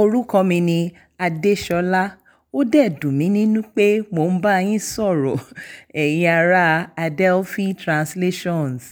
Orúkọ mi ni Adéṣọlá. Ó dẹ̀ dùn mí nínú pé mò ń bá yín sọ̀rọ̀, ẹ̀yin ará Adelphi Translations.